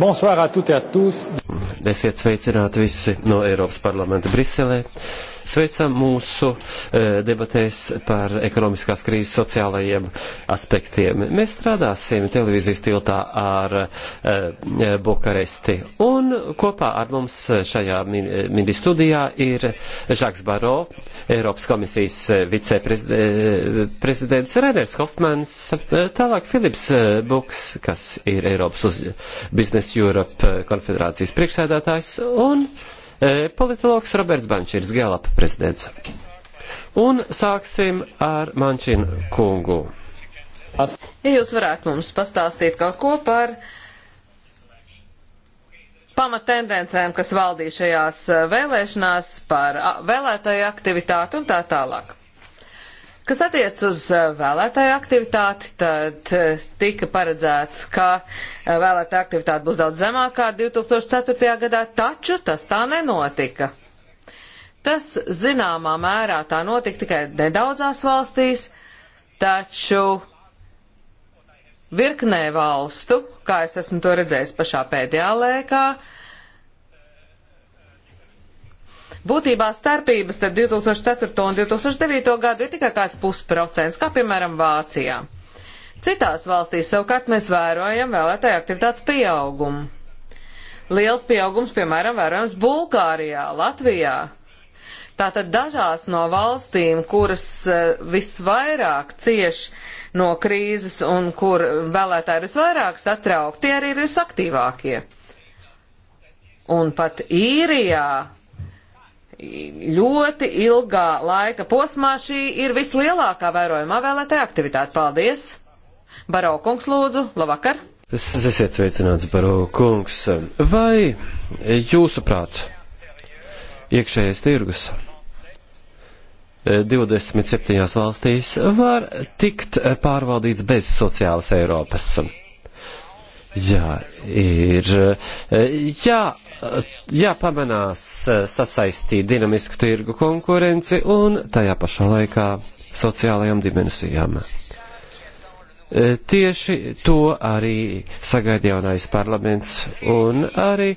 Bonsoir à toutes et à tous. Esiet sveicināti visi no Eiropas parlamenta Briselē. Sveicam mūsu eh, debatēs par ekonomiskās krīzes sociālajiem aspektiem. Mēs strādāsim televīzijas tiltā ar eh, Bukaresti. Un kopā ar mums šajā mini studijā ir Žaks Baro, Eiropas komisijas eh, viceprezidents Reners Hofmans, tālāk Filips Buks, kas ir Eiropas uz Business Europe konfederācijas priekšsēdētājs. Un E, politologs Roberts Bančīrs, Gelapa prezidents. Un sāksim ar Mančinu kungu. Ja jūs varētu mums pastāstīt kaut ko par pamattendencēm, kas valdīja šajās e, vēlēšanās, par vēlētāju aktivitāti un tā tālāk. Kas attiec uz eh, vēlētāju aktivitāti, tad eh, tika paredzēts, ka eh, vēlētāja aktivitāte būs daudz zemākā 2004. gadā, taču tas tā nenotika. Tas zināmā mērā tā notika tikai nedaudzās valstīs, taču virknē valstu, kā es esmu to redzējis pašā pēdējā laikā, uh, Būtībā starpības starp 2004. un 2009. gadu ir tikai kāds pusprocents, kā piemēram Vācijā. Citās valstīs savukārt mēs vērojam vēlētāju aktivitātes pieaugumu. Liels pieaugums, piemēram, vērojams Bulgārijā, Latvijā. Tātad dažās no valstīm, kuras e, visvairāk cieši no krīzes un kur vēlētāji visvairāk satraukti, tie arī ir visaktīvākie. Un pat īrijā ļoti ilgā laika posmā šī ir vislielākā vērojumā vēlētā aktivitāte. Paldies! Baraukungs lūdzu, labvakar! Esiet sveicināts, Baraukungs! Vai jūsuprāt iekšējais tirgus 27 eh, valstīs var tikt eh, pārvaldīts bez sociālas Eiropas? Jā, ir jā, jāpamanās sasaistīt dinamisku tirgu konkurenci un tajā pašā laikā sociālajām dimensijām. Tieši to arī sagaida jaunais parlaments un arī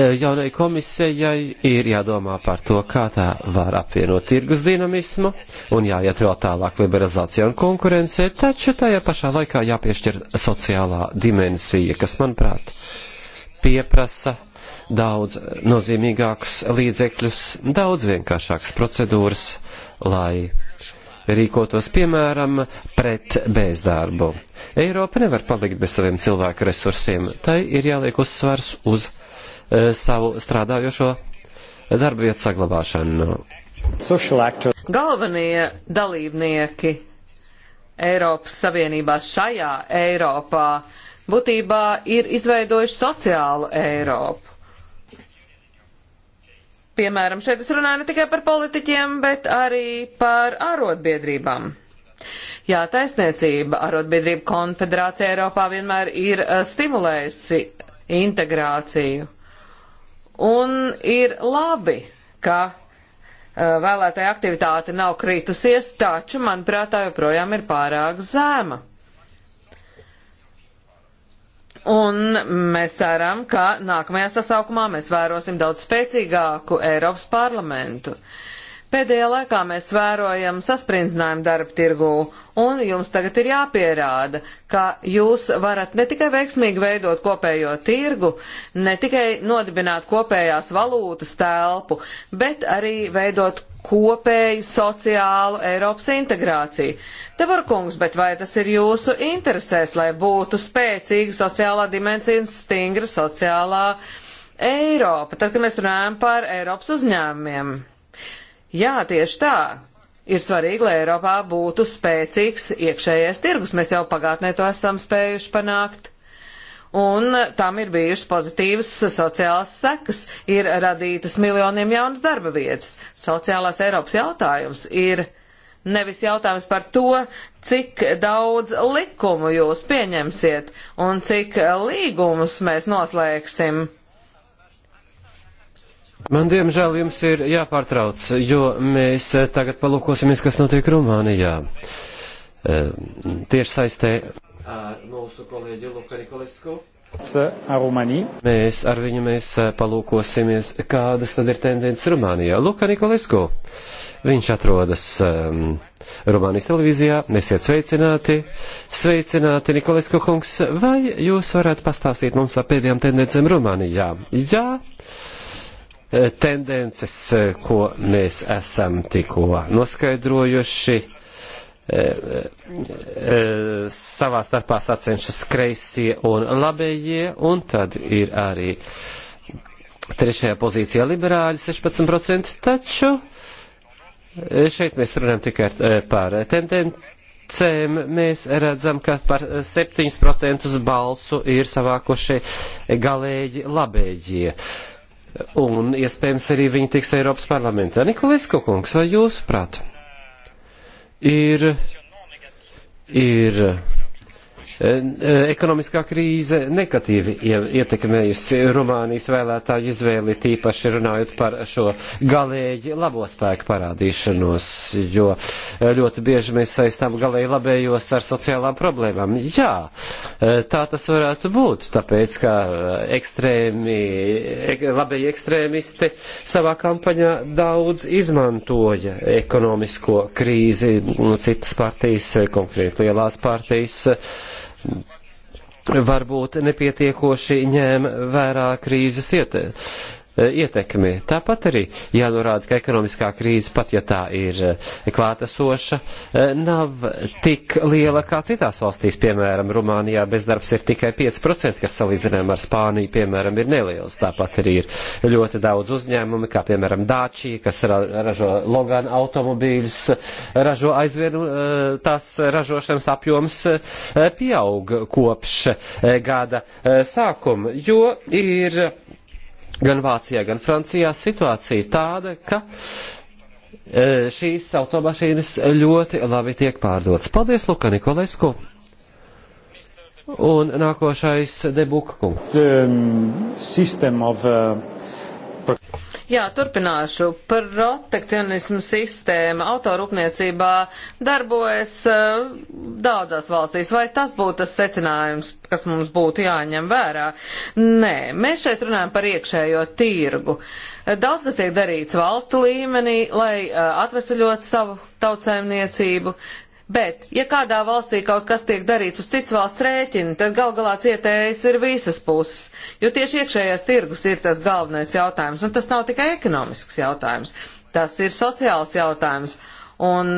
E, jaunai komisijai ir jādomā par to, kā tā var apvienot tirgus dinamismu un jāiet vēl tālāk liberalizācijā un konkurencē, taču tajā pašā laikā jāpiešķir sociālā dimensija, kas, manuprāt, pieprasa daudz nozīmīgākus līdzekļus, daudz vienkāršākas procedūras, lai rīkotos, piemēram, pret bezdarbu. Eiropa nevar palikt bez saviem cilvēku resursiem, tai ir jāliek uzsvars uz Eh, savu strādājošo darba vietu saglabāšanu. Galvenie dalībnieki Eiropas Savienībā šajā Eiropā būtībā ir izveidojuši sociālu Eiropu. Piemēram, šeit es runāju ne tikai par politiķiem, bet arī par arotbiedrībām. Jā, taisniecība, arotbiedrība konfederācija Eiropā vienmēr ir eh, stimulējusi integrāciju. Un ir labi, ka eh, vēlētāja aktivitāte nav kritusies, taču, manuprāt, tā joprojām ir pārāk zēma. Un mēs ceram, ka nākamajā sasaukumā mēs vērosim daudz spēcīgāku Eiropas parlamentu. Uh, Pēdējā laikā mēs vērojam sasprindzinājumu darba tirgū, un jums tagad ir jāpierāda, ka jūs varat ne tikai veiksmīgi veidot kopējo tirgu, ne tikai nodibināt kopējās valūtas telpu, bet arī veidot kopēju sociālu Eiropas integrāciju. Te var kungs, bet vai tas ir jūsu interesēs, lai būtu spēcīga sociālā dimensija un stingra sociālā Eiropa, tad, kad mēs runājam par Eiropas uzņēmumiem? Jā, tieši tā. Ir svarīgi, lai Eiropā būtu spēcīgs iekšējais tirgus. Mēs jau pagātnē to esam spējuši panākt. Un tam ir bijušas pozitīvas sociālas sekas, ir radītas miljoniem jaunas darba vietas. Sociālās Eiropas jautājums ir nevis jautājums par to, cik daudz likumu jūs pieņemsiet un cik līgumus mēs noslēgsim Man diemžēl jums ir jāpārtrauc, jo mēs eh, tagad palūkosimies, kas notiek Rumānijā. Eh, tieši saistē ar mūsu kolēģi Luka Nikolesku. Mēs ar viņu mēs eh, palūkosimies, kādas tad ir tendences Rumānijā. Luka Nikolesku, viņš atrodas um, Rumānijas televīzijā, esiet sveicināti. Sveicināti, Nikolesku kungs, vai jūs varētu pastāstīt mums par pēdējām tendencēm Rumānijā? Jā. Ja? Eh, tendences, eh, ko mēs esam tikko noskaidrojuši eh, savā starpā sacenšas kreisie un labējie, un tad ir arī trešajā pozīcijā liberāļi 16%, taču šeit mēs runājam tikai par tendencēm. Mēs redzam, ka par 7% balsu ir savākošie galēji labējie. Uh, un iespējams arī viņi tiks Eiropas parlamentā. Nikolisko kungs, vai jūs prāt? Ir, ir E, e, ekonomiskā krīze negatīvi ietekmējusi Rumānijas vēlētāju izvēli, tīpaši runājot par šo galēji labo spēku parādīšanos, jo ļoti bieži mēs saistām galēji labējos ar sociālām problēmām. Jā, e, tā tas varētu būt, tāpēc, ka ekstrēmi, labēji ekstrēmisti savā kampaņā daudz izmantoja ekonomisko krīzi, citas partijas, konkrēti lielās partijas, varbūt nepietiekoši ņēma vērā krīzes iete, E, ietekmi. Tāpat arī jānorāda, ka ekonomiskā krīze, pat ja tā ir e, klātesoša, e, nav tik liela kā citās valstīs. Piemēram, Rumānijā bezdarbs ir tikai 5%, kas salīdzinājumā ar Spāniju, piemēram, ir neliels. Tāpat arī ir ļoti daudz uzņēmumi, kā piemēram Dāčija, kas ra ražo Logan automobīļus, ražo aizvien tās ražošanas apjoms pieaug kopš gada sākuma, jo ir gan Vācijā, gan Francijā situācija tāda, ka e, šīs automašīnas ļoti labi tiek pārdotas. Paldies, Luka Nikolesku! Un nākošais debuka kungs. Um, Jā, turpināšu. Protekcionismu sistēma autorūpniecībā darbojas uh, daudzās valstīs. Vai tas būtu tas secinājums, kas mums būtu jāņem vērā? Nē, mēs šeit runājam par iekšējo tirgu. Daudz kas tiek darīts valstu līmenī, lai uh, eh, atvesaļot savu tautsēmniecību, Bet, ja kādā valstī kaut kas tiek darīts uz cits valsts rēķina, tad gal galā cietējas ir visas puses, jo tieši iekšējais tirgus ir tas galvenais jautājums, un tas nav tikai ekonomisks jautājums, tas ir sociāls jautājums. Un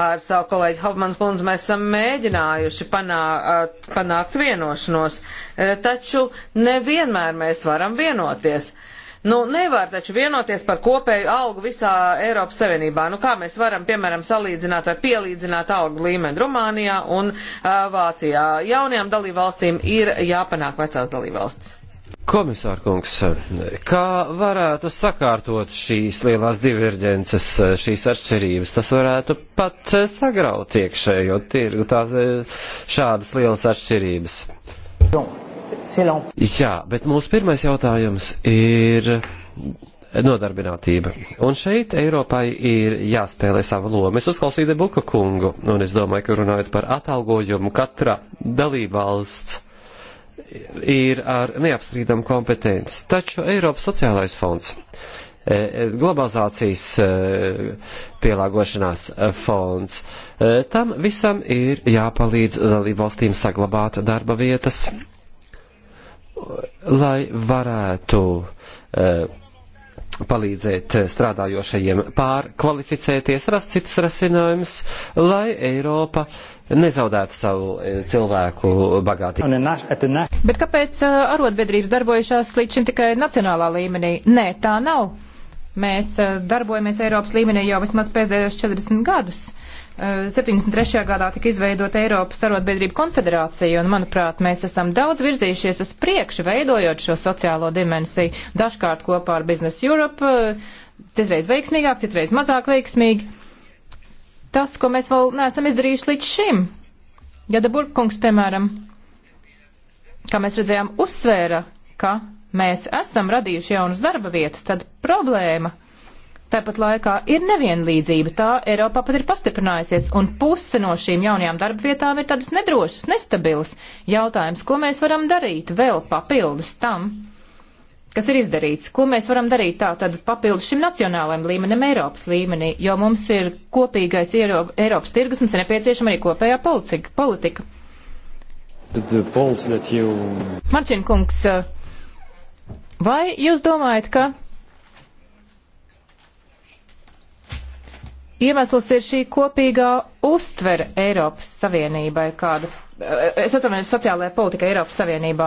ar savu kolēģi Hopmans kundzi mēs esam mēģinājuši panākt, panākt vienošanos, e, taču nevienmēr mēs varam vienoties. Uh, Nu, nevar taču vienoties par kopēju algu visā Eiropas Savienībā. Nu, kā mēs varam, piemēram, salīdzināt vai pielīdzināt algu līmeni Rumānijā un uh, Vācijā? Jaunajām dalībvalstīm ir jāpanāk vecās dalībvalstis. Komisārkungs, kā varētu sakārtot šīs lielās diverģences, šīs atšķirības? Tas varētu pat sagraut iekšējo tirgu, tās šādas lielas atšķirības. Jum. Jā, bet mūsu pirmais jautājums ir nodarbinātība. Un šeit Eiropai ir jāspēlē sava loma. Es uzklausīju Debuka kungu, un es domāju, ka runājot par atalgojumu, katra dalībvalsts ir ar neapstrīdam kompetenci. Taču Eiropas sociālais fonds, e, e, globalizācijas e, pielāgošanās fonds, tam visam ir jāpalīdz dalībvalstīm saglabāt darba vietas lai varētu uh, palīdzēt strādājošajiem pārkvalificēties, rast citus rasinājumus, lai Eiropa nezaudētu savu eh, cilvēku bagātību. Bet kāpēc eh, arotbiedrības darbojušās līdz šim tikai nacionālā līmenī? Nē, tā nav. Mēs darbojamies Eiropas līmenī jau vismaz pēdējos 40 gadus. Uh, 73. Eh, gadā tika izveidota Eiropas Arotbiedrību konfederācija, un, manuprāt, mēs esam daudz virzījušies uz priekšu, veidojot šo sociālo dimensiju, dažkārt kopā ar Business Europe, eh, citreiz veiksmīgāk, citreiz mazāk veiksmīgi. Tas, ko mēs vēl neesam izdarījuši līdz šim, Jada Burkungs, piemēram, kā mēs redzējām, uzsvēra, ka mēs esam radījuši jaunas darba vietas, tad problēma Tāpat laikā ir nevienlīdzība. Tā Eiropā pat ir pastiprinājusies, un puse no šīm jaunajām darba vietām ir tādas nedrošas, nestabilas. Jautājums, ko mēs varam darīt vēl papildus tam, kas ir izdarīts, ko mēs varam darīt tā tad papildus šim nacionālajam līmenim Eiropas līmenī, jo mums ir kopīgais Eiro, Eiropas tirgus, mums ir nepieciešama arī kopējā politika. politika. Eh, you... Marčin kungs, eh, vai jūs domājat, ka Iemesls ir šī kopīgā uztvere Eiropas Savienībai, kāda, eh, es atvainojos, sociālajā politika Eiropas Savienībā.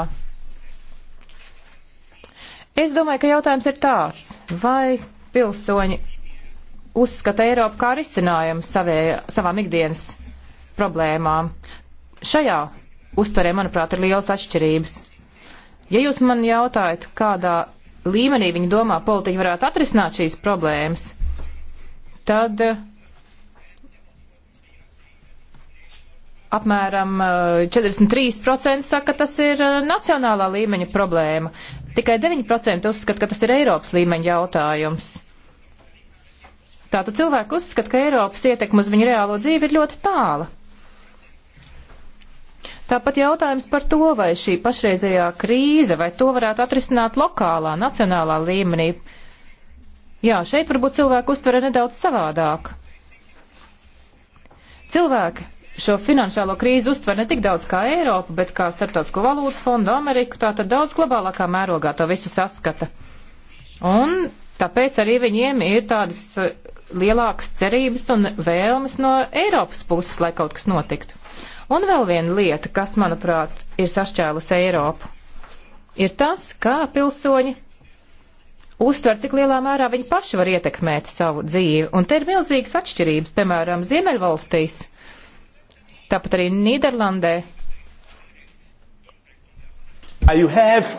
Es domāju, ka jautājums ir tāds, vai pilsoņi uzskata Eiropu kā risinājumu savē, savām ikdienas problēmām. Šajā uztverē, manuprāt, ir liels atšķirības. Ja jūs man jautājat, kādā līmenī viņi domā politiķi varētu atrisināt šīs problēmas, tad eh, apmēram 43% eh, saka, ka tas ir eh, nacionālā līmeņa problēma. Tikai 9% uzskata, ka tas ir Eiropas līmeņa jautājums. Tātad cilvēki uzskata, ka Eiropas ietekme uz viņu reālo dzīvi ir ļoti tāla. Tāpat jautājums par to, vai šī pašreizējā krīze, vai to varētu atrisināt lokālā, nacionālā līmenī. Uh, Jā, šeit varbūt cilvēku uztvere nedaudz savādāk. Cilvēki šo finansiālo krīzi uztver ne tik daudz kā Eiropu, bet kā Startautisko valūtas fondu Ameriku, tā tad daudz globālākā mērogā to visu saskata. Un tāpēc arī viņiem ir tādas eh, lielākas cerības un vēlmes no Eiropas puses, lai kaut kas notiktu. Un vēl viena lieta, kas, manuprāt, ir sašķēlusi Eiropu, ir tas, kā pilsoņi uztver, cik lielā mērā viņi paši var ietekmēt savu dzīvi. Un te ir milzīgas atšķirības, piemēram, Ziemeļvalstīs, tāpat arī Nīderlandē. You have,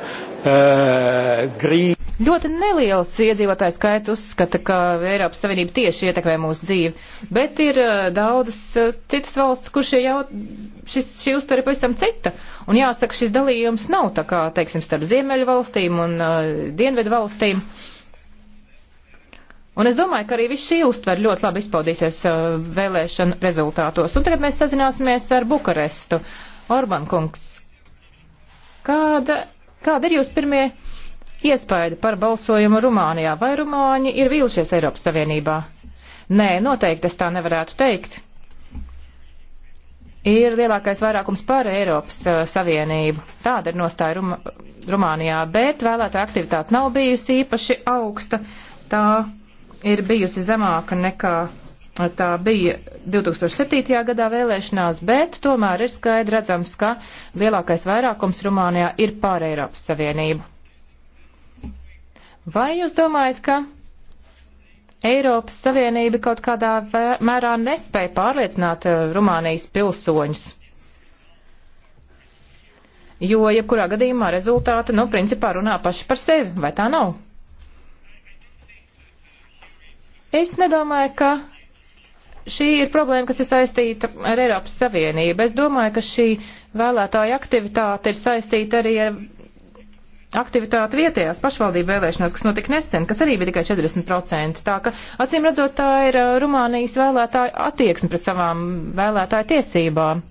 uh, green... Ļoti neliels iedzīvotājs skaits uzskata, ka Eiropas Savienība tieši ietekmē mūsu dzīvi, bet ir uh, daudzas uh, citas valsts, kur šie jau, šis, šī uztvere ir pavisam cita. Un jāsaka, šis dalījums nav tā kā, teiksim, starp Ziemeļu valstīm un uh, Dienvedu valstīm. Un es domāju, ka arī viss šī uztver ļoti labi izpaudīsies uh, vēlēšanu rezultātos. Un tagad mēs sazināsimies ar Bukarestu. Orban kungs, kāda, kāda ir jūs pirmie iespaidu par balsojumu Rumānijā. Vai Rumāņi ir vīlušies Eiropas Savienībā? Nē, noteikti es tā nevarētu teikt. Ir lielākais vairākums par Eiropas uh, Savienību. Tāda ir nostāja Rum Rumānijā, bet vēlētā aktivitāte nav bijusi īpaši augsta. Tā ir bijusi zemāka nekā tā bija 2007. gadā vēlēšanās, bet tomēr ir skaidrs redzams, ka lielākais vairākums Rumānijā ir pār Eiropas Savienību. Vai jūs domājat, ka Eiropas Savienība kaut kādā mērā nespēja pārliecināt eh, Rumānijas pilsoņus? Jo, jebkurā gadījumā rezultāti, nu, principā runā paši par sevi, vai tā nav? Es nedomāju, ka šī ir problēma, kas ir saistīta ar Eiropas Savienību. Es domāju, ka šī vēlētāja aktivitāte ir saistīta arī ar aktivitāti vietējās pašvaldību vēlēšanās, kas notika nesen, kas arī bija tikai 40%. Tā ka, acīm redzot, tā ir Rumānijas vēlētāju attieksme pret savām vēlētāju tiesībām.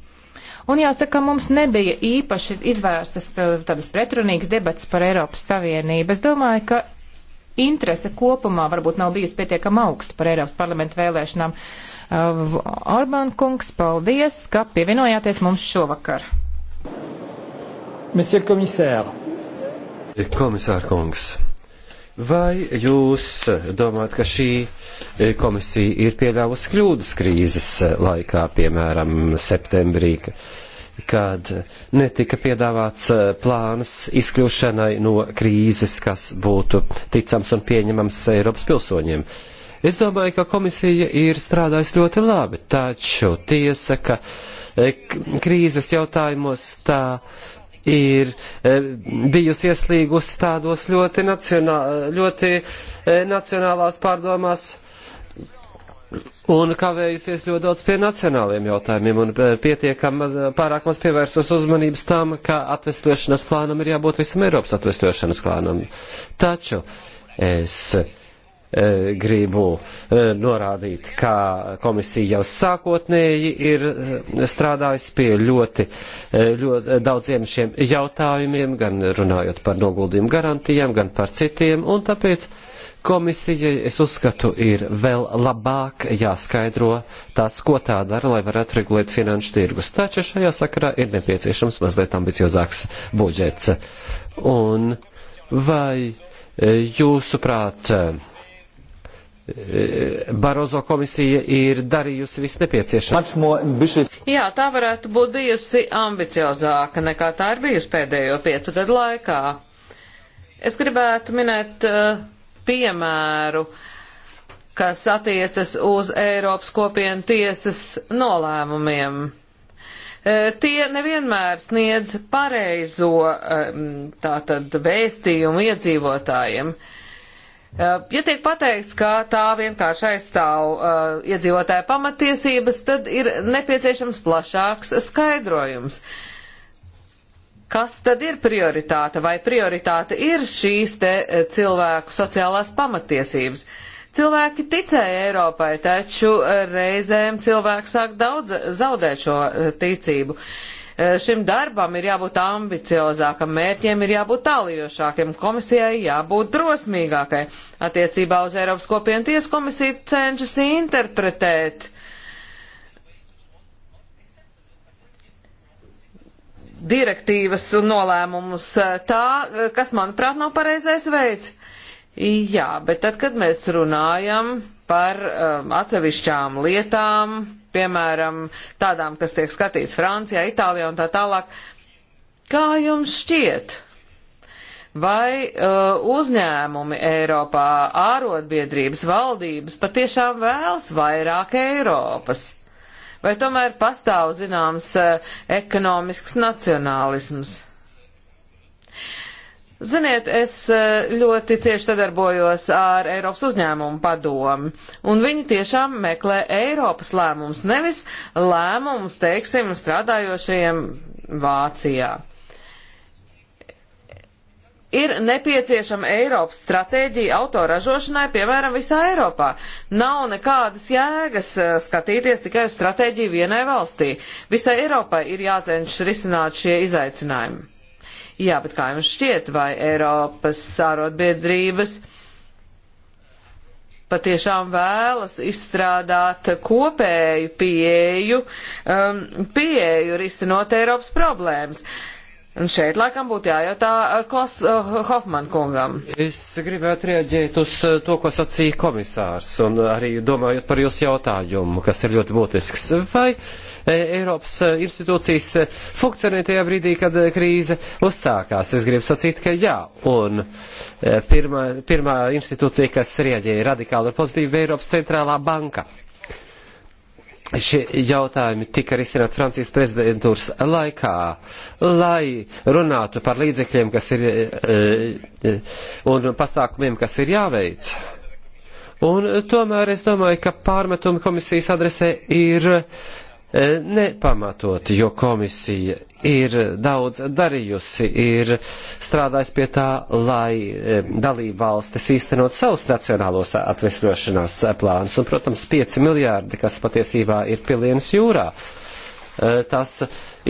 Un jāsaka, mums nebija īpaši izvērstas tādas pretrunīgas debatas par Eiropas Savienību. Es domāju, ka interese kopumā varbūt nav bijusi pietiekama augsta par Eiropas parlamentu vēlēšanām. Uh, Orbán kungs, paldies, ka pievienojāties mums šovakar. Monsieur le commissaire, Komisārkungs, vai jūs domājat, ka šī e, komisija ir pieļāvusi kļūdas krīzes e, laikā, piemēram, septembrī, kad netika piedāvāts e, plāns izkļūšanai no krīzes, kas būtu ticams un pieņemams Eiropas pilsoņiem? Es domāju, ka komisija ir strādājusi ļoti labi, taču tiesa, ka krīzes jautājumos tā ir eh, bijusi ieslīgusi tādos ļoti, nacionā, ļoti eh, nacionālās pārdomās un kavējusies ļoti daudz pie nacionāliem jautājumiem un eh, pietiekam maz, pārāk maz pievērsos uzmanības tam, ka atvesļošanas plānam ir jābūt visam Eiropas atvesļošanas plānam. Taču es E, gribu e, norādīt, kā komisija jau sākotnēji ir e, strādājusi pie ļoti, ļoti daudziem šiem jautājumiem, gan runājot par noguldījumu garantijām, gan par citiem, un tāpēc komisijai, es uzskatu, ir vēl labāk jāskaidro tas, ko tā dara, lai varētu regulēt finanšu tirgus. Taču šajā sakarā ir nepieciešams mazliet ambiciozāks budžets. Un vai jūsuprāt, Barozo komisija ir darījusi viss nepieciešamo. Jā, tā varētu būt bijusi ambiciozāka nekā tā ir bijusi pēdējo piecu gadu laikā. Es gribētu minēt uh, piemēru, kas attiecas uz Eiropas kopienu tiesas nolēmumiem. Uh, tie nevienmēr sniedz pareizo uh, tātad vēstījumu iedzīvotājiem. Uh, Uh, ja tiek pateikts, ka tā vienkārši aizstāv uh, iedzīvotāju pamatiesības, tad ir nepieciešams plašāks skaidrojums. Kas tad ir prioritāte? Vai prioritāte ir šīs te uh, cilvēku sociālās pamatiesības? Cilvēki ticēja Eiropai, taču uh, reizēm cilvēki sāk daudz zaudēt šo ticību. Uh, Eh, šim darbam ir jābūt ambiciozākam, mērķiem ir jābūt tālijošākiem, komisijai jābūt drosmīgākai. Attiecībā uz Eiropas kopienu tiesu komisiju cenšas interpretēt direktīvas un nolēmumus eh, tā, eh, kas, manuprāt, nav pareizais veids. Jā, bet tad, kad mēs runājam par um, atsevišķām lietām, piemēram, tādām, kas tiek skatīts Francijā, Itālijā un tā tālāk. Kā jums šķiet? Vai uh, uzņēmumi Eiropā, ārotbiedrības, valdības patiešām vēlas vairāk Eiropas? Vai tomēr pastāv zināms uh, ekonomisks nacionālisms? Uh, Ziniet, es eh, ļoti cieši sadarbojos ar Eiropas uzņēmumu padomu, un viņi tiešām meklē Eiropas lēmumus, nevis lēmumus, teiksim, strādājošajiem Vācijā. Ir nepieciešama Eiropas stratēģija autoražošanai, piemēram, visā Eiropā. Nav nekādas jēgas eh, skatīties tikai uz stratēģiju vienai valstī. Visai Eiropai ir jācenšas risināt šie izaicinājumi. Jā, bet kā jums šķiet, vai Eiropas sārotbiedrības patiešām vēlas izstrādāt kopēju pieeju, um, pieeju risinot Eiropas problēmas? Uh, Un šeit laikam būtu jājautā eh, Kos uh, eh, Hofman kungam. Es gribētu rieģēt uz eh, to, ko sacīja komisārs, un arī domājot par jūsu jautājumu, kas ir ļoti būtisks. Vai Eiropas institūcijas funkcionē tajā brīdī, kad krīze uzsākās? Es gribu sacīt, ka jā. Un pirmā, pirmā institūcija, kas rieģēja radikāli un pozitīvi, bija Eiropas centrālā banka šie jautājumi tika risināti Francijas prezidentūras laikā, lai runātu par līdzekļiem, kas ir e, e, un pasākumiem, kas ir jāveic. Un tomēr es domāju, ka pārmetumi komisijas adresē ir E, nepamatot, jo komisija ir daudz darījusi, ir strādājis pie tā, lai e, dalība valstis īstenot savus nacionālos atvesļošanās plānus. Un, protams, 5 miljārdi, kas patiesībā ir pilienas jūrā. Uh, Eh, tas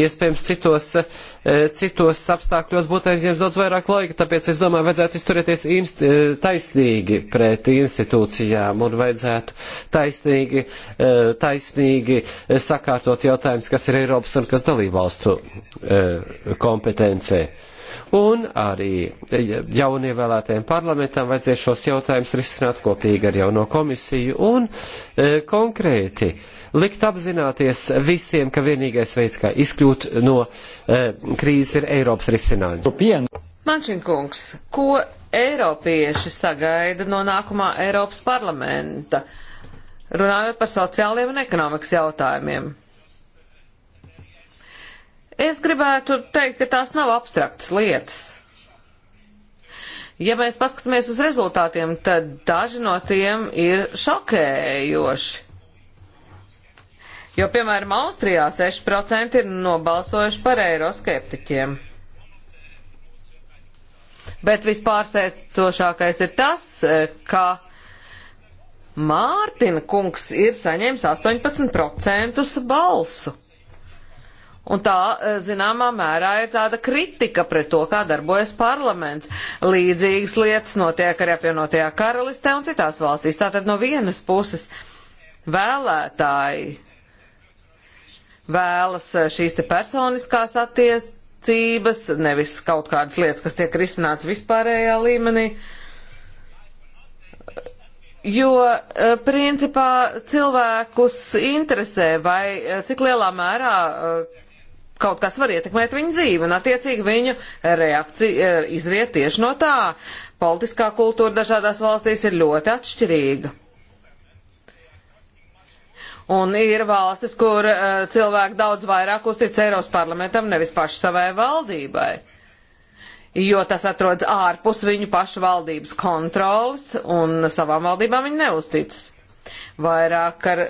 iespējams citos, eh, citos apstākļos būtu aizņems daudz vairāk laika, tāpēc es domāju, vajadzētu izturēties inst, eh, taisnīgi pret institūcijām un vajadzētu taisnīgi, taisnīgi sakārtot jautājumus, kas ir Eiropas un kas dalībvalstu kompetencē. Un arī e, jaunievēlētajiem parlamentam vajadzēs šos jautājumus risināt kopīgi ar jauno komisiju un e, konkrēti likt apzināties visiem, ka vienīgais veids, kā izkļūt no e, krīzes, ir Eiropas risinājums. Mančinkungs, ko Eiropieši sagaida no nākamā Eiropas parlamenta, runājot par sociāliem un ekonomikas jautājumiem? Es gribētu teikt, ka tās nav abstraktas lietas. Ja mēs paskatāmies uz rezultātiem, tad daži no tiem ir šokējoši. Jo, piemēram, Austrijā 6% ir nobalsojuši par eiroskeptiķiem. Bet vispārsteidzošākais ir tas, ka Mārtiņa kungs ir saņēmis 18% balsu. Un tā, eh, zināmā mērā, ir tāda kritika pret to, kā darbojas parlaments. Līdzīgas lietas notiek arī apvienotajā karalistē un citās valstīs. Tātad no vienas puses vēlētāji vēlas eh, šīs te personiskās attiecības, nevis kaut kādas lietas, kas tiek risināts vispārējā līmenī. Jo, eh, principā, cilvēkus interesē, vai cik lielā mērā kaut kas var ietekmēt viņu dzīvi, un attiecīgi viņu reakcija e, izriet tieši no tā. Politiskā kultūra dažādās valstīs ir ļoti atšķirīga. Un ir valstis, kur uh, cilvēki daudz vairāk uztic Eiropas parlamentam, nevis paši savai valdībai, jo tas atrodas ārpus viņu pašu valdības kontrolas, un savām valdībām viņi neuzticas vairāk ar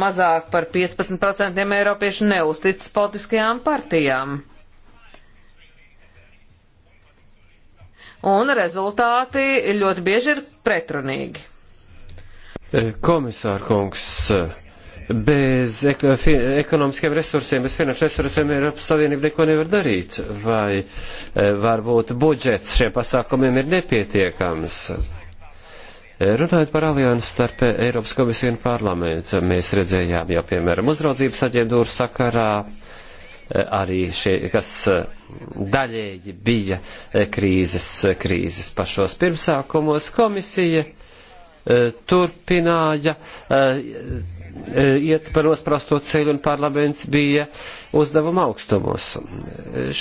mazāk par 15% eiropiešu neusticas politiskajām partijām. Un rezultāti ļoti bieži ir pretrunīgi. E, Komisārkungs, e, bez ek ekonomiskiem resursiem, bez finanšu resursiem Eiropas Savienība neko nevar darīt, vai e, varbūt budžets šiem pasākumiem ir nepietiekams. Runājot par aliansu starp Eiropas komisiju un parlamentu, mēs redzējām jau, piemēram, uzraudzības aģentūru sakarā, arī šie, kas daļēji bija krīzes, krīzes pašos pirmsākumos, komisija e, turpināja e, e, iet par nosprasto ceļu un parlaments bija uzdevuma augstumos.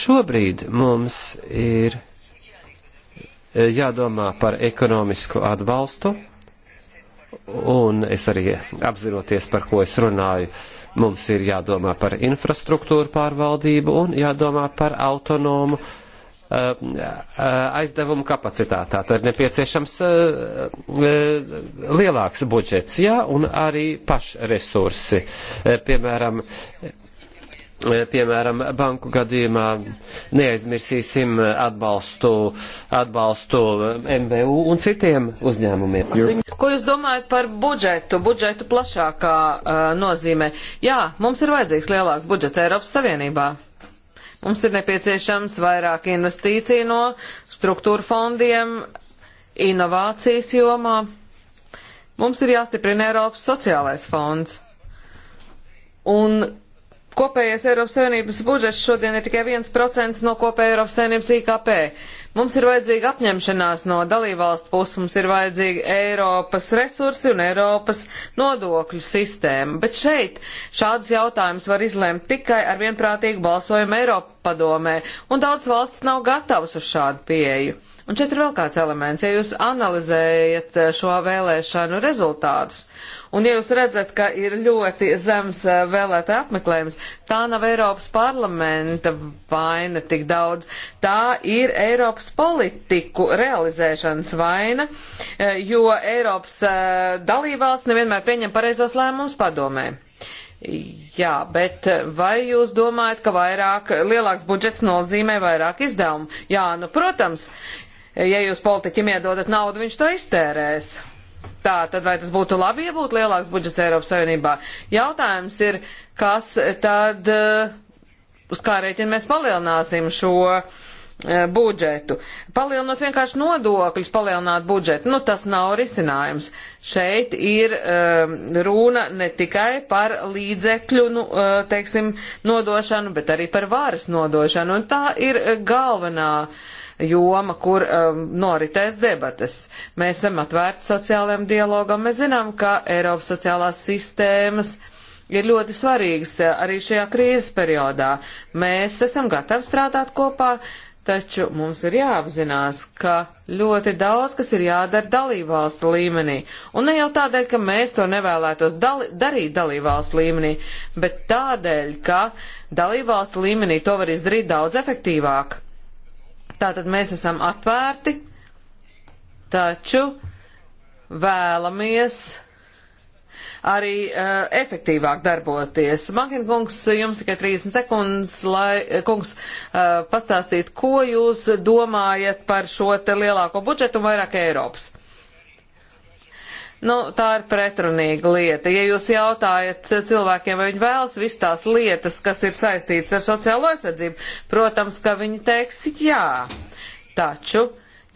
Šobrīd mums ir Eh, jādomā par ekonomisku atbalstu, un es arī apzinoties, par ko es runāju, mums ir jādomā par infrastruktūru pārvaldību un jādomā par autonomu eh, eh, aizdevumu kapacitātā. Tad ir nepieciešams lielāks budžets, jā, un arī pašresursi. Piemēram, E, piemēram, banku gadījumā neaizmirsīsim atbalstu, atbalstu MVU un citiem uzņēmumiem. Ko jūs domājat par budžetu, budžetu plašākā uh, nozīmē? Jā, mums ir vajadzīgs lielāks budžets Eiropas Savienībā. Mums ir nepieciešams vairāk investīciju no struktūra fondiem, inovācijas jomā. Mums ir jāstiprina Eiropas sociālais fonds. Un Kopējais Eiropas Savienības budžets šodien ir tikai 1% no kopējā Eiropas Savienības IKP. Mums ir vajadzīga apņemšanās no dalībvalstu puses, mums ir vajadzīga Eiropas resursi un Eiropas nodokļu sistēma. Bet šeit šādus jautājumus var izlēmt tikai ar vienprātīgu balsojumu Eiropa padomē, un daudz valsts nav gatavas uz šādu pieeju. Un šeit ir vēl kāds elements, ja jūs analizējat eh, šo vēlēšanu rezultātus Un ja jūs redzat, ka ir ļoti zems eh, vēlētāju apmeklējums, tā nav Eiropas parlamenta vaina tik daudz, tā ir Eiropas politiku realizēšanas vaina, eh, jo Eiropas eh, dalībvalsts nevienmēr pieņem pareizos lēmumus padomē. Jā, bet vai jūs domājat, ka vairāk, lielāks budžets nozīmē vairāk izdevumu? Jā, nu, protams, ja jūs politiķim iedodat naudu, viņš to iztērēs. Tā tad vai tas būtu labi, ja būtu lielāks budžets Eiropas Savienībā? Jautājums ir, kas tad, eh, uz kā rēķina mēs palielināsim šo eh, budžetu. Palielinot vienkārši nodokļus, palielināt budžetu, nu tas nav risinājums. Šeit ir um, runa ne tikai par līdzekļu, nu, teiksim, nodošanu, bet arī par vāras nodošanu, un tā ir galvenā uh, joma, kur um, noritēs debates. Mēs esam atvērti sociālajam dialogam. Mēs zinām, ka Eiropas sociālās sistēmas ir ļoti svarīgas uh, arī šajā krīzes periodā. Mēs esam gatavi strādāt kopā, taču mums ir jāapzinās, ka ļoti daudz, kas ir jādara dalībvalstu līmenī. Un ne jau tādēļ, ka mēs to nevēlētos dali darīt dalībvalstu līmenī, bet tādēļ, ka dalībvalstu līmenī to var izdarīt daudz efektīvāk. Tātad mēs esam atvērti, taču vēlamies arī uh, efektīvāk darboties. Mankina kungs, jums tikai 30 sekundes, lai eh, kungs uh, eh, pastāstītu, ko jūs domājat par šo te lielāko budžetu un vairāk Eiropas. Nu, tā ir pretrunīga lieta. Ja jūs jautājat cilvēkiem, vai viņi vēlas visu tās lietas, kas ir saistītas ar sociālo aizsardzību, protams, ka viņi teiks jā. Taču,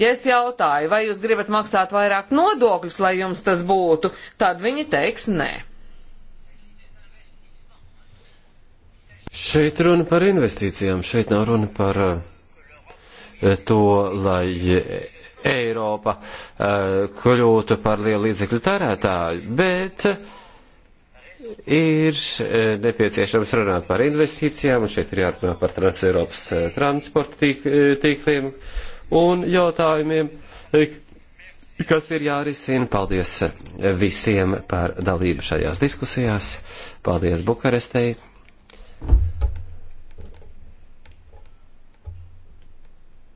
ja es jautāju, vai jūs gribat maksāt vairāk nodokļus, lai jums tas būtu, tad viņi teiks nē. Šeit runa par investīcijām, šeit nav runa par eh, to, lai Eiropa eh, kļūtu par lielu līdzekļu tērētāju, bet ir eh, nepieciešams runāt par investīcijām, un šeit ir jārunā par Trans-Eiropas eh, transporta tīk, tīkliem un jautājumiem, kas ir jārisina. Paldies visiem par dalību šajās diskusijās. Paldies Bukarestei.